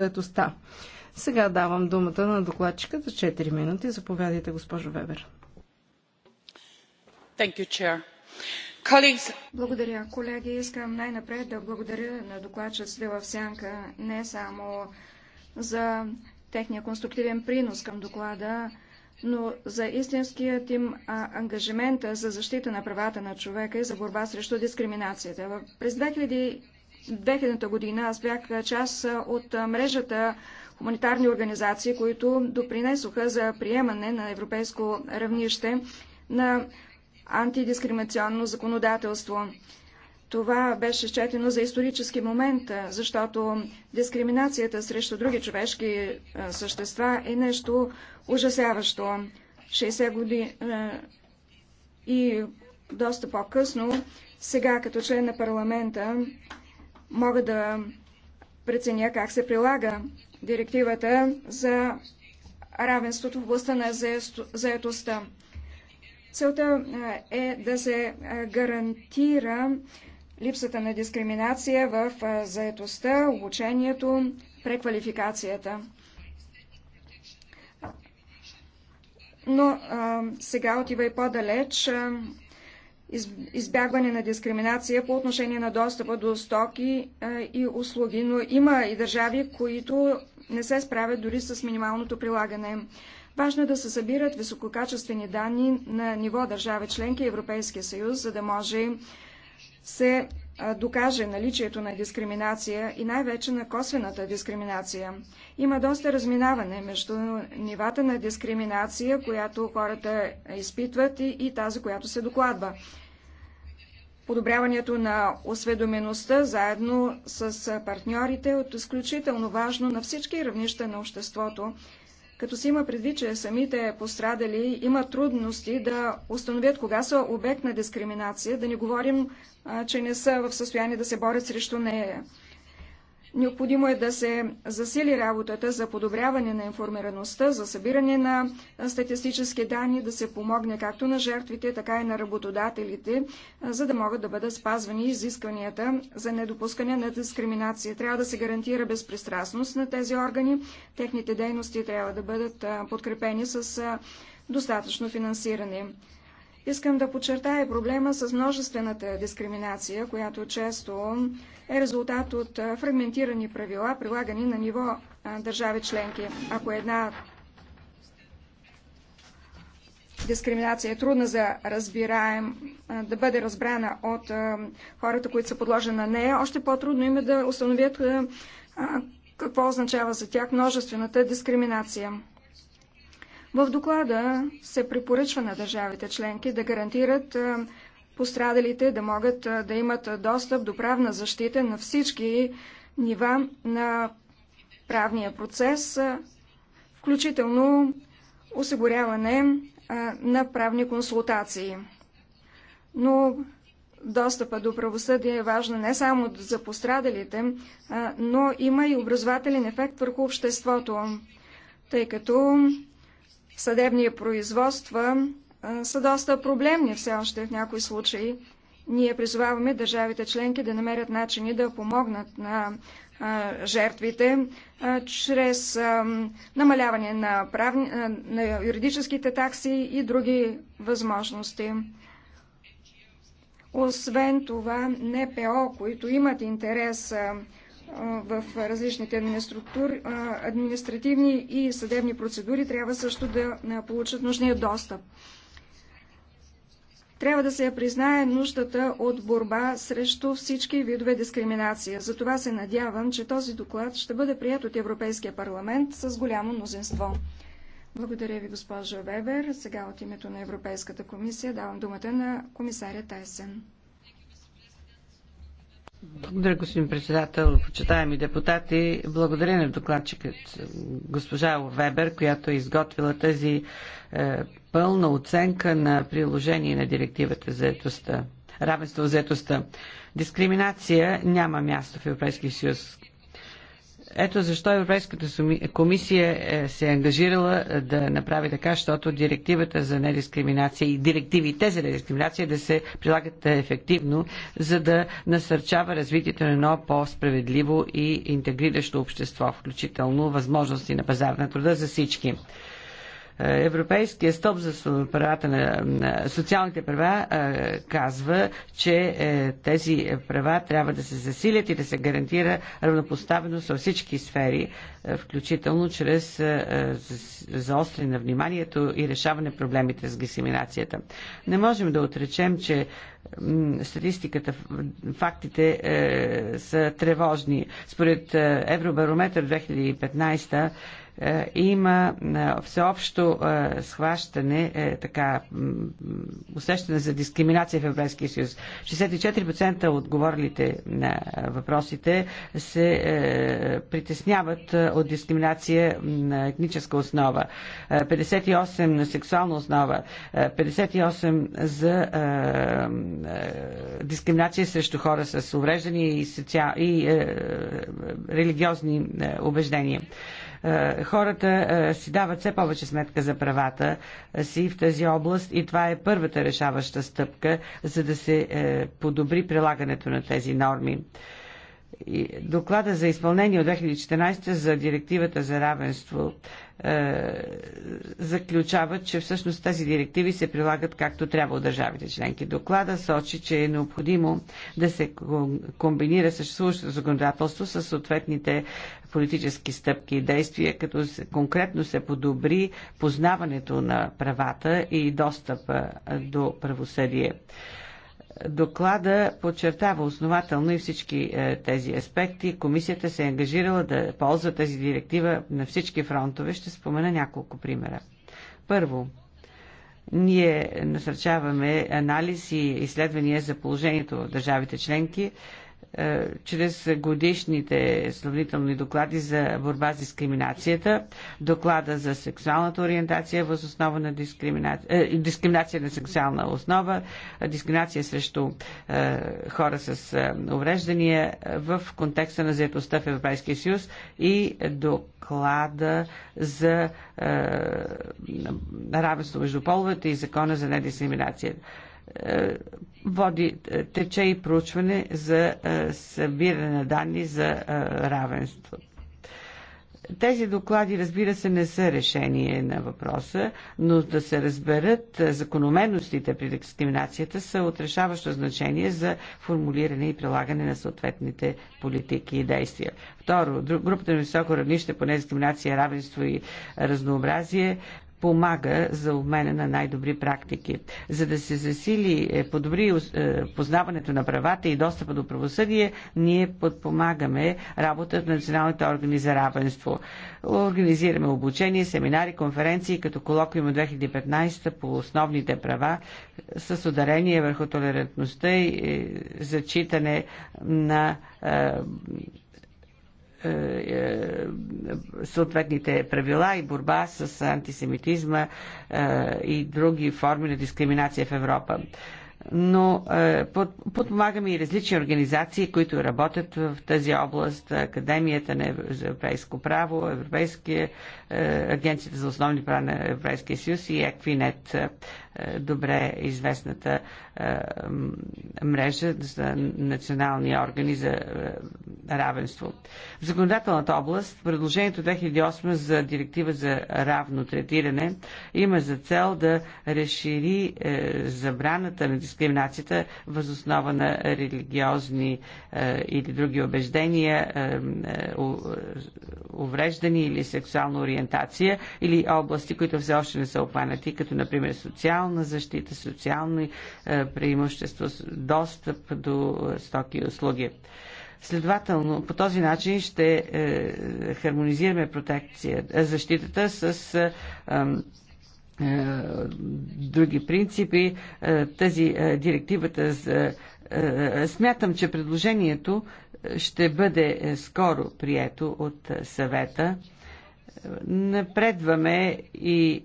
заедостта. Сега давам думата на докладчика за 4 минути. Заповядайте, госпожо Вебер. Thank you, chair. Colleagues... Благодаря, колеги. Искам най-напред да благодаря на докладчиците Слива Сянка не само за техния конструктивен принос към доклада, но за истинският им а, ангажимент за защита на правата на човека и за борба срещу дискриминацията. През 2000 2000 година аз бях част от мрежата хуманитарни организации, които допринесоха за приемане на европейско равнище на антидискриминационно законодателство. Това беше счетено за исторически момент, защото дискриминацията срещу други човешки е, същества е нещо ужасяващо. 60 години е, и доста по-късно, сега като член на парламента, мога да преценя как се прилага директивата за равенството в областта на заетостта. Целта е да се гарантира липсата на дискриминация в заетостта, обучението, преквалификацията. Но а, сега отива и по-далеч избягване на дискриминация по отношение на достъпа до стоки и услуги, но има и държави, които не се справят дори с минималното прилагане. Важно е да се събират висококачествени данни на ниво държава, членки Европейския съюз, за да може се докаже наличието на дискриминация и най-вече на косвената дискриминация. Има доста разминаване между нивата на дискриминация, която хората изпитват и, и тази, която се докладва. Подобряването на осведомеността заедно с партньорите е от изключително важно на всички равнища на обществото, като се има предвид, че самите пострадали имат трудности да установят кога са обект на дискриминация, да не говорим, че не са в състояние да се борят срещу нея. Необходимо е да се засили работата за подобряване на информираността, за събиране на статистически данни, да се помогне както на жертвите, така и на работодателите, за да могат да бъдат спазвани изискванията за недопускане на дискриминация. Трябва да се гарантира безпристрастност на тези органи. Техните дейности трябва да бъдат подкрепени с достатъчно финансиране. Искам да подчертая проблема с множествената дискриминация, която често е резултат от фрагментирани правила, прилагани на ниво държави членки. Ако една дискриминация е трудна за разбираем, да бъде разбрана от хората, които са подложени на нея, още по-трудно им е да установят какво означава за тях множествената дискриминация. В доклада се препоръчва на държавите членки да гарантират пострадалите да могат да имат достъп до правна защита на всички нива на правния процес, включително осигуряване на правни консултации. Но достъпа до правосъдие е важна не само за пострадалите, но има и образователен ефект върху обществото, тъй като съдебни производства са доста проблемни все още в някои случаи. Ние призоваваме държавите членки да намерят начини да помогнат на жертвите чрез намаляване на, правни, на юридическите такси и други възможности. Освен това, НПО, които имат интерес в различните административни и съдебни процедури трябва също да получат нужния достъп. Трябва да се признае нуждата от борба срещу всички видове дискриминация. Затова се надявам, че този доклад ще бъде прият от Европейския парламент с голямо мнозинство. Благодаря ви, госпожо Вебер. Сега от името на Европейската комисия давам думата на комисаря Тайсен. Благодаря, господин председател, почитаеми депутати. Благодаря на докладчикът госпожа Вебер, която е изготвила тази е, пълна оценка на приложение на директивата за етостта равенство в заетостта. Дискриминация няма място в Европейския съюз. Ето защо Европейската комисия е, се е ангажирала е, да направи така, защото директивата за недискриминация и директивите за недискриминация да се прилагат ефективно, за да насърчава развитието на едно по-справедливо и интегриращо общество, включително възможности на пазар на труда за всички. Европейския стоп за правата на, социалните права казва, че е, тези права трябва да се засилят и да се гарантира равнопоставеност във всички сфери, е, включително чрез е, заостряне на вниманието и решаване проблемите с дисеминацията. Не можем да отречем, че статистиката, фактите са тревожни. Според Евробарометър 2015 е, има е, всеобщо е, схващане, така, усещане за дискриминация в Европейския съюз. 64% говорилите на въпросите се притесняват от дискриминация на етническа основа, 58% на сексуална основа, 58% за дискриминация срещу хора с увреждания и, социал... и религиозни убеждения. Е, хората е, си дават все повече сметка за правата е, си в тази област и това е първата решаваща стъпка, за да се подобри прилагането на тези норми доклада за изпълнение от 2014 за директивата за равенство е, заключава, че всъщност тези директиви се прилагат както трябва от държавите членки. Доклада сочи, че е необходимо да се комбинира съществуващото законодателство с съответните политически стъпки и действия, като конкретно се подобри познаването на правата и достъпа е, до правосъдие. Доклада подчертава основателно и всички е, тези аспекти. Комисията се е ангажирала да ползва тази директива на всички фронтове. Ще спомена няколко примера. Първо, ние насърчаваме анализ и изследвания за положението в държавите членки, е, чрез годишните сравнителни доклади за борба с дискриминацията, доклада за сексуалната ориентация въз основа на дискриминация, е, дискриминация на сексуална основа, дискриминация срещу е, хора с э, увреждания в контекста на заедостта в Европейския съюз и доклада за е, равенство между половете и закона за недискриминация. Е, води, е, тече и проучване за е, събиране на данни за равенство. Тези доклади, разбира се, не са решение на въпроса, но да се разберат закономерностите при дискриминацията са отрешаващо значение за формулиране и прилагане на съответните политики и действия. Второ, групата на високо равнище по недискриминация, равенство и разнообразие помага за обмена на най-добри практики. За да се засили, е, подобри е, познаването на правата и достъпа до правосъдие, ние подпомагаме работата на националните органи за равенство. Организираме обучение, семинари, конференции, като колоквиум 2015 по основните права с ударение върху толерантността и е, зачитане на е, е, съответните правила и борба с антисемитизма е, и други форми на дискриминация в Европа но е, подпомагаме и различни организации, които работят в тази област, Академията на европейско право, Европейския, е, Агенцията за основни права на Европейския съюз и Еквинет, е, добре известната мрежа за национални органи за равенство. В законодателната област предложението 2008 за директива за равно третиране има за цел да разшири забраната на дискриминация дискриминацията възоснова на религиозни е, или други убеждения, е, е, увреждани или сексуална ориентация, или области, които все още не са обхванати, като например социална защита, социално е, преимущество, достъп до стоки и услуги. Следователно, по този начин ще е, хармонизираме протекция, е, защитата с е, е, други принципи. Е, тази е, директивата за... Смятам, че предложението ще бъде скоро прието от съвета. Напредваме и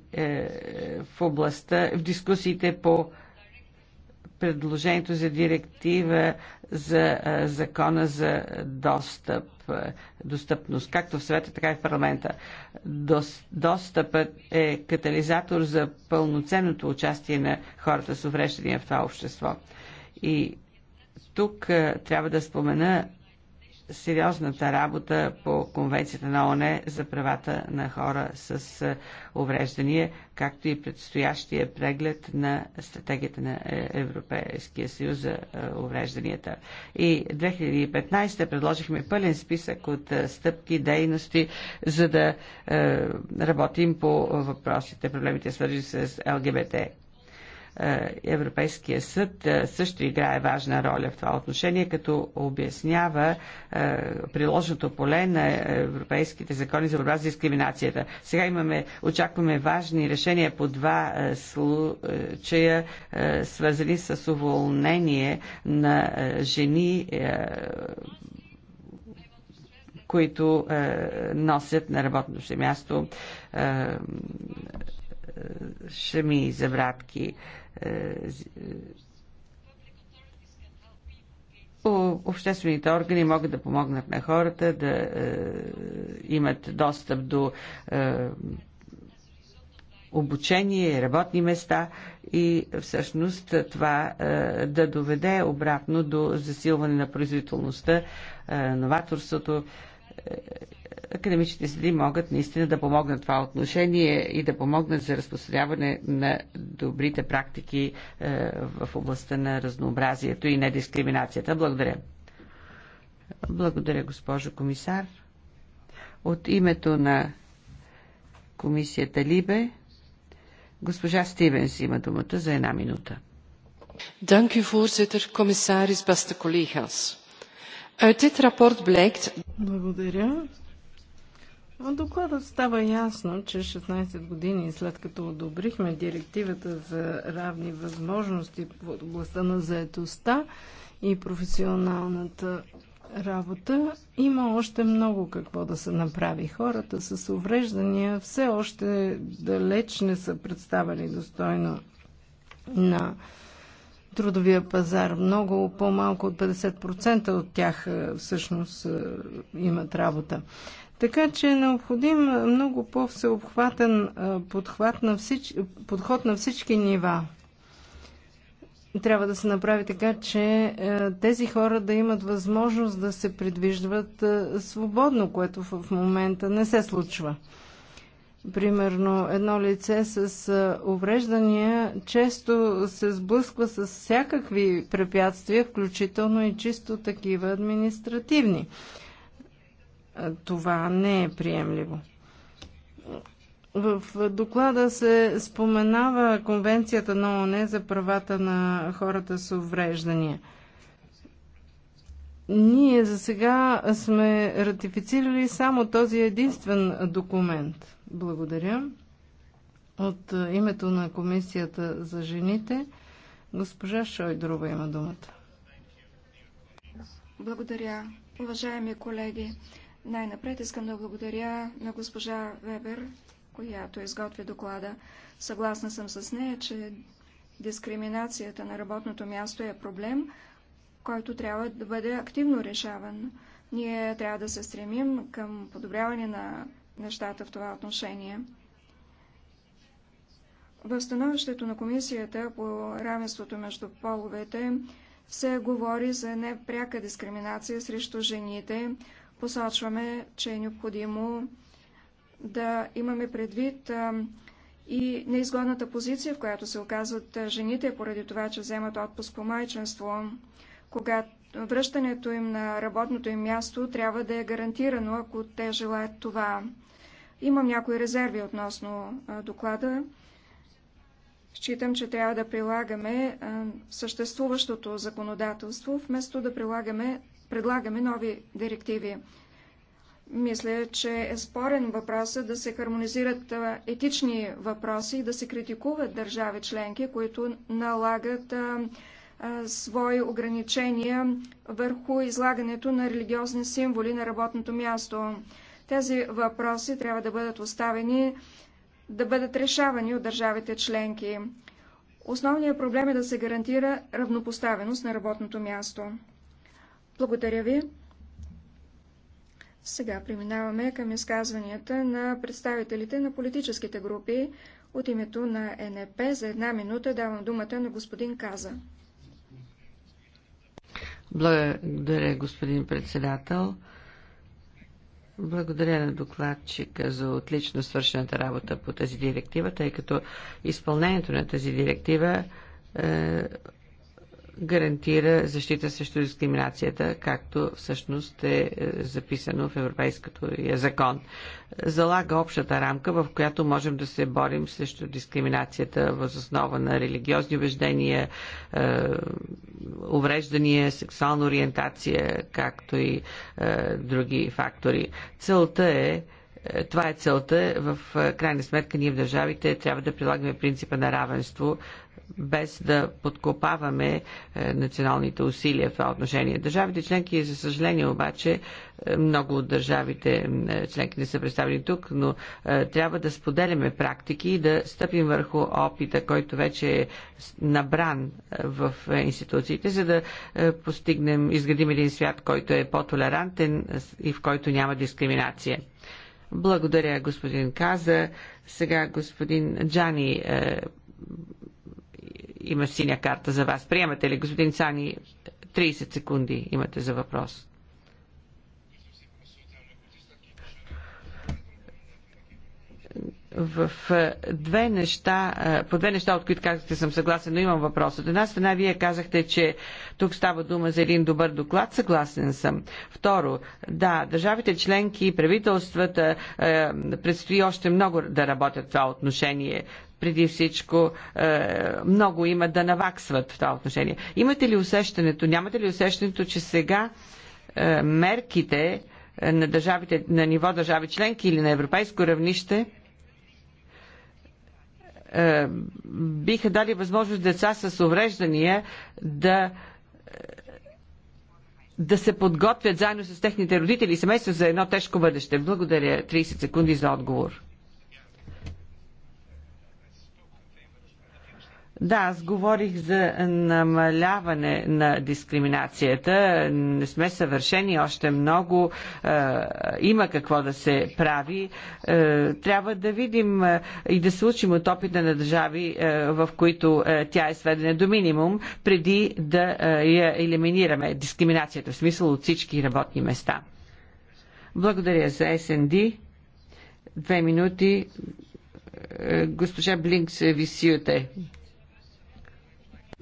в областта, в дискусиите по предложението за директива за закона за достъп, достъпност, както в съвета, така и в парламента. Достъпът е катализатор за пълноценното участие на хората с увреждания в това общество. И тук трябва да спомена сериозната работа по Конвенцията на ОНЕ за правата на хора с е, увреждания, както и предстоящия преглед на стратегията на е, Европейския съюз за е, уврежданията. И 2015 предложихме пълен списък от стъпки, дейности, за да работим по въпросите, проблемите свържени с ЛГБТ е, Европейския съд е, също играе важна роля в това отношение, като обяснява е, приложното поле на европейските закони за борба с дискриминацията. Сега имаме, очакваме важни решения по два случая, свързани с уволнение на жени които е, носят на работното си място е, шами за е, е, Обществените органи могат да помогнат на хората да е, имат достъп до обучение, работни места и всъщност това да доведе обратно до засилване на производителността, новаторството академичните среди могат наистина да помогнат това отношение и да помогнат за разпространяване на добрите практики е, в областта на разнообразието и недискриминацията. Благодаря. Благодаря, госпожо комисар. От името на комисията Либе, госпожа Стивенс има думата за една минута. Dank u, voorzitter, commissaris, beste collega's. Uit dit rapport blijkt. Благодаря. В доклада става ясно, че 16 години след като одобрихме директивата за равни възможности в областта на заетостта и професионалната работа, има още много какво да се направи. Хората с увреждания все още далеч не са представени достойно на трудовия пазар. Много по-малко от 50% от тях всъщност имат работа. Така че е необходим много по-всеобхватен подход на всички нива трябва да се направи така, че е, тези хора да имат възможност да се придвижват е, свободно, което в момента не се случва. Примерно, едно лице с е, увреждания често се сблъсква с всякакви препятствия, включително и чисто такива административни. Това не е приемливо. В доклада се споменава Конвенцията на ООН за правата на хората с увреждания. Ние за сега сме ратифицирали само този единствен документ. Благодаря. От името на Комисията за жените, госпожа Шойдрова има думата. Благодаря, уважаеми колеги. Най-напред искам да благодаря на госпожа Вебер, която изготви доклада. Съгласна съм с нея, че дискриминацията на работното място е проблем, който трябва да бъде активно решаван. Ние трябва да се стремим към подобряване на нещата в това отношение. В становището на Комисията по равенството между половете се говори за непряка дискриминация срещу жените, посочваме, че е необходимо да имаме предвид и неизгодната позиция, в която се оказват жените, поради това, че вземат отпуск по майчинство, когато връщането им на работното им място трябва да е гарантирано, ако те желаят това. Имам някои резерви относно доклада. Считам, че трябва да прилагаме съществуващото законодателство, вместо да прилагаме предлагаме нови директиви. Мисля, че е спорен въпросът да се хармонизират етични въпроси и да се критикуват държави членки, които налагат а, а, свои ограничения върху излагането на религиозни символи на работното място. Тези въпроси трябва да бъдат оставени, да бъдат решавани от държавите членки. Основният проблем е да се гарантира равнопоставеност на работното място. Благодаря ви. Сега преминаваме към изказванията на представителите на политическите групи. От името на НП за една минута давам думата на господин Каза. Благодаря, господин председател. Благодаря на докладчика за отлично свършената работа по тази директива, тъй като изпълнението на тази директива е, гарантира защита срещу дискриминацията, както всъщност е, е записано в Европейското е, закон. Залага общата рамка, в която можем да се борим срещу дискриминацията въз основа на религиозни убеждения, е, увреждания, сексуална ориентация, както и други фактори. Целта е това е целта. В крайна сметка ние в държавите трябва да прилагаме принципа на равенство без да подкопаваме е, националните усилия в това отношение. Държавите членки, за съжаление обаче, е, много от държавите е, членки не са представени тук, но трябва да споделяме практики и да стъпим върху опита, който вече е набран в институциите, за да постигнем, изградим един свят, който е по-толерантен и в който няма дискриминация. Благодаря, господин Каза. Сега господин Джани има синя карта за вас. Приемате ли, господин Цани, 30 секунди имате за въпрос. в две неща, по две неща, от които казахте, съм съгласен, но имам въпрос. От една страна, вие казахте, че тук става дума за един добър доклад, съгласен съм. Второ, да, държавите членки, и правителствата, предстои още много да работят в това отношение преди всичко е, много има да наваксват в това отношение. Имате ли усещането, нямате ли усещането, че сега е, мерките е, на, държавите, на ниво държави членки или на европейско равнище биха дали възможност деца с увреждания да да се подготвят заедно с техните родители и семейства за едно тежко бъдеще. Благодаря. 30 секунди за отговор. Да, аз говорих за намаляване на дискриминацията. Не сме съвършени още много. Е, има какво да се прави. Е, трябва да видим е, и да се учим от опита на държави, в които тя е сведена до минимум, преди да я елиминираме дискриминацията, в смисъл от всички работни места. Благодаря за СНД. Две минути. Госпожа Блинкс Висиоте.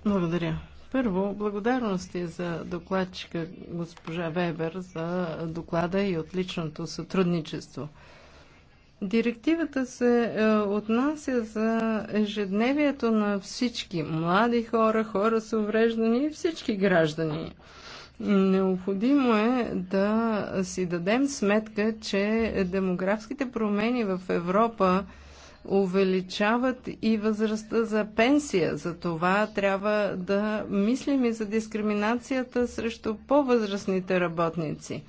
Благодаря. Първо, благодарности за докладчика госпожа Вебер за доклада и отличното сътрудничество. Директивата се е, отнася за ежедневието на всички млади хора, хора с увреждания и всички граждани. Необходимо е да си дадем сметка, че демографските промени в Европа увеличават и възрастта за пенсия. За това трябва да мислим и за дискриминацията срещу по-възрастните работници.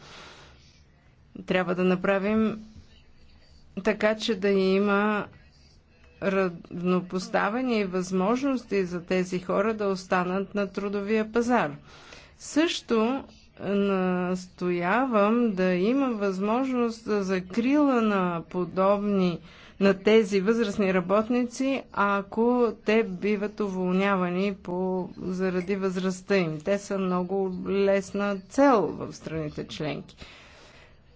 Трябва да направим така, че да има равнопоставени възможности за тези хора да останат на трудовия пазар. Също настоявам да има възможност за закрила на подобни на тези възрастни работници, ако те биват уволнявани по, заради възрастта им. Те са много лесна цел в страните членки.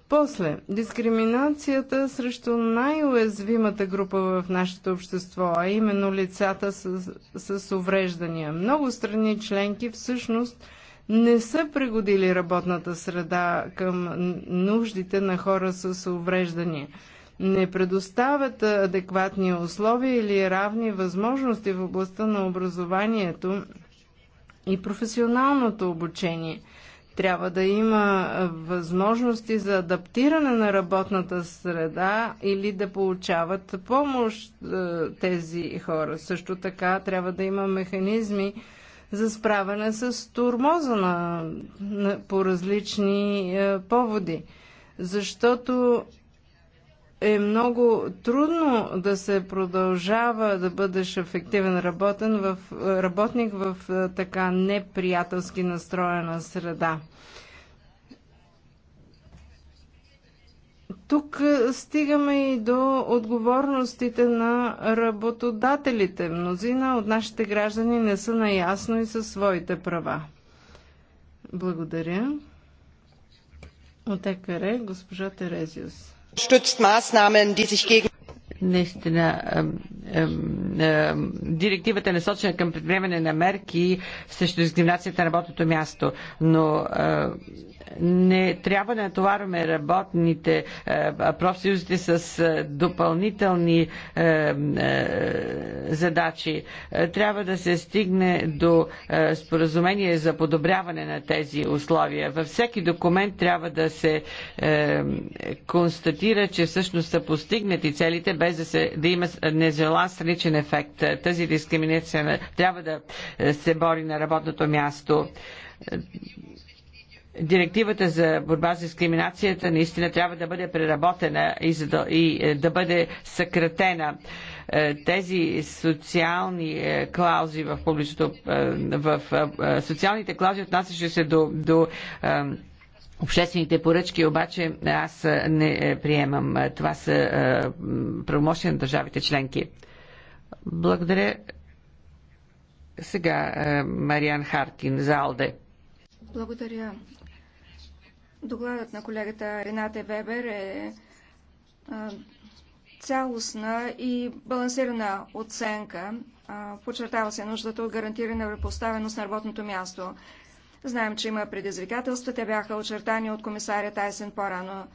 После, дискриминацията срещу най-уязвимата група в нашето общество, а именно лицата с, с увреждания. Много страни членки всъщност не са пригодили работната среда към нуждите на хора с увреждания не предоставят адекватни условия или равни възможности в областта на образованието и професионалното обучение. Трябва да има възможности за адаптиране на работната среда или да получават помощ тези хора. Също така трябва да има механизми за справяне с турмоза на, на, по различни е, поводи. Защото е много трудно да се продължава да бъдеш ефективен работен в, работник в е, така неприятелски настроена среда. Тук е, стигаме и до отговорностите на работодателите. Мнозина от нашите граждани не са наясно и със своите права. Благодаря. От ЕКР, госпожа Терезиус stützt Maßnahmen, die sich gegen наистина директивата е насочена към предприемане на мерки срещу дискриминацията на работното място, но не трябва да натоварваме работните е, профсъюзите с е, допълнителни е, задачи. Трябва да се стигне до споразумение за подобряване на тези условия. Във всеки документ трябва да се констатира, че всъщност са постигнати целите, без да, се, да има нежелан страничен ефект. Тази дискриминация трябва да се бори на работното място директивата за борба с дискриминацията наистина трябва да бъде преработена и, да, и е, да бъде съкратена. Е, тези социални е, клаузи в публичното, в социалните клаузи отнасяше се до, до Обществените поръчки обаче аз не приемам. Това са правомощия на държавите членки. Благодаря. Сега Мариан Харкин за Алде. Благодаря, Докладът на колегата Рената Вебер е цялостна и балансирана оценка. Подчертава се нуждата от гарантирана поставеност на работното място. Знаем, че има предизвикателства. Те бяха очертани от комисаря Тайсен по-рано.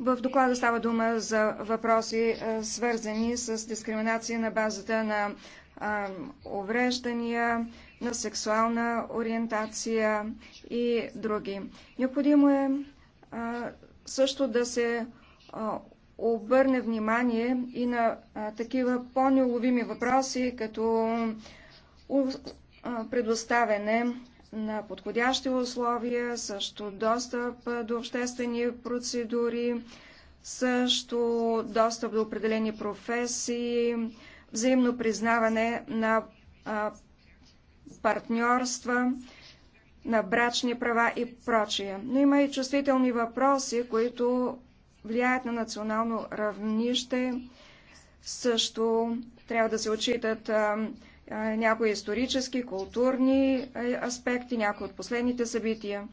В доклада става дума за въпроси, свързани с дискриминация на базата на увреждания, на сексуална ориентация и други. Необходимо е също да се обърне внимание и на такива по-неуловими въпроси, като предоставяне на подходящи условия, също достъп до обществени процедури, също достъп до определени професии, взаимно признаване на а, партньорства, на брачни права и прочие. Но има и чувствителни въпроси, които влияят на национално равнище. Също трябва да се отчитат а, а, някои исторически, културни аспекти, някои от последните събития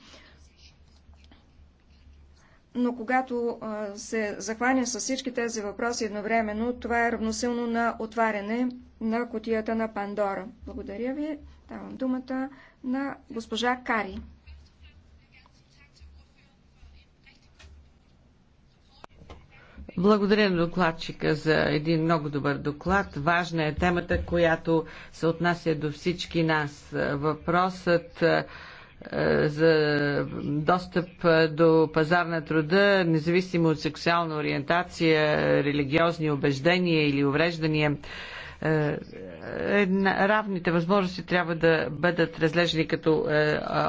но когато се захване с всички тези въпроси едновременно, това е равносилно на отваряне на котията на Пандора. Благодаря ви. Давам думата на госпожа Кари. Благодаря на докладчика за един много добър доклад. Важна е темата, която се отнася до всички нас. Въпросът е, за достъп е, до пазар на труда, независимо от сексуална ориентация, религиозни убеждения или увреждания. Е, равните възможности трябва да бъдат разлежени като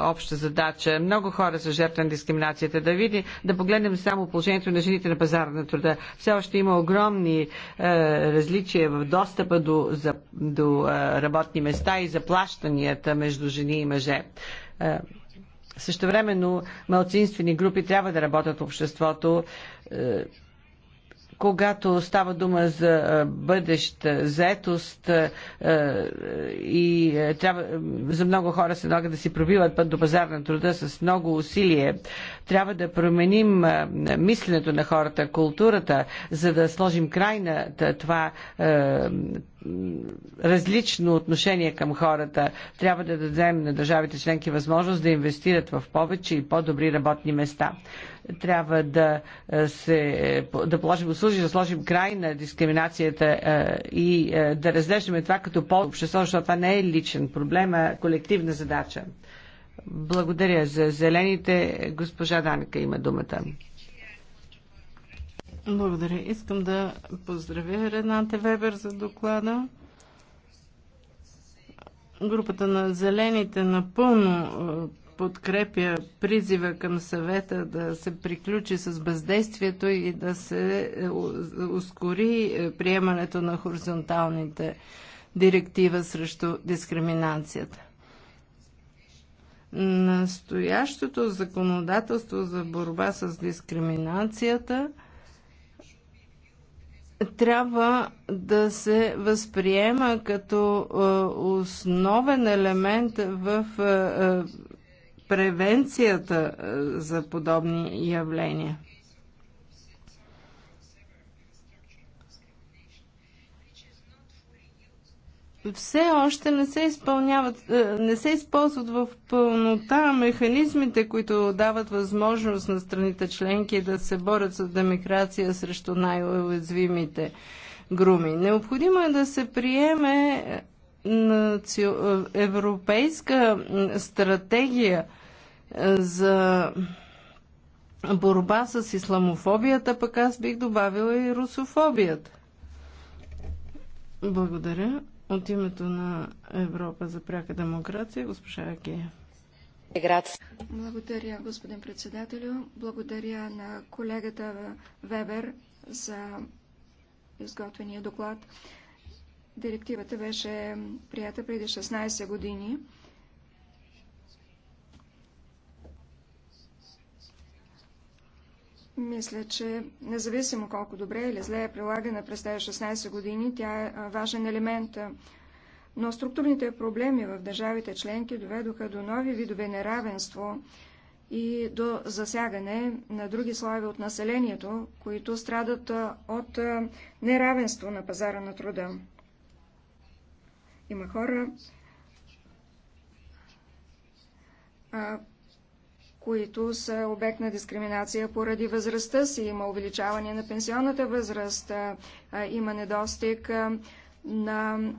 обща задача. Много хора са жертва на дискриминацията. Да, види, да погледнем само положението на жените на пазара на труда. Все още има огромни различия в достъпа до, за, до работни места и заплащанията между жени и мъже. Е, същевременно малцинствени групи трябва да работят в обществото е, когато става дума за бъдеща заетост и трябва, за много хора се могат да си пробиват път до пазар на труда с много усилие. Трябва да променим мисленето на хората, културата, за да сложим край на това различно отношение към хората. Трябва да дадем на държавите членки възможност да инвестират в повече и по-добри работни места трябва да, е, се, е, да положим услуги, да сложим край на дискриминацията е, и да разглеждаме това като по-общество, защото това не е личен проблем, а колективна задача. Благодаря за зелените. Госпожа Данка има думата. Благодаря. Искам да поздравя Ренате Вебер за доклада. Групата на зелените напълно подкрепя призива към съвета да се приключи с бездействието и да се е, ускори е, приемането на хоризонталните директива срещу дискриминацията. Настоящото законодателство за борба с дискриминацията трябва да се възприема като е, основен елемент в превенцията е, за подобни явления. все още не се, изпълняват, е, не се използват в пълнота механизмите, които дават възможност на страните членки да се борят с демокрация срещу най-уязвимите груми. Необходимо е да се приеме е, европейска стратегия – за борба с исламофобията, пък аз бих добавила и русофобията. Благодаря. От името на Европа за пряка демокрация, госпожа Агия. Благодаря, господин председателю. Благодаря на колегата Вебер за изготвения доклад. Директивата беше прията преди 16 години. Мисля, че независимо колко добре или зле е прилагана през тези 16 години, тя е важен елемент. Но структурните проблеми в държавите членки доведоха до нови видове неравенство и до засягане на други слави от населението, които страдат от неравенство на пазара на труда. Има хора, които са обект на дискриминация поради възрастта си. Има увеличаване на пенсионната възраст, има недостиг на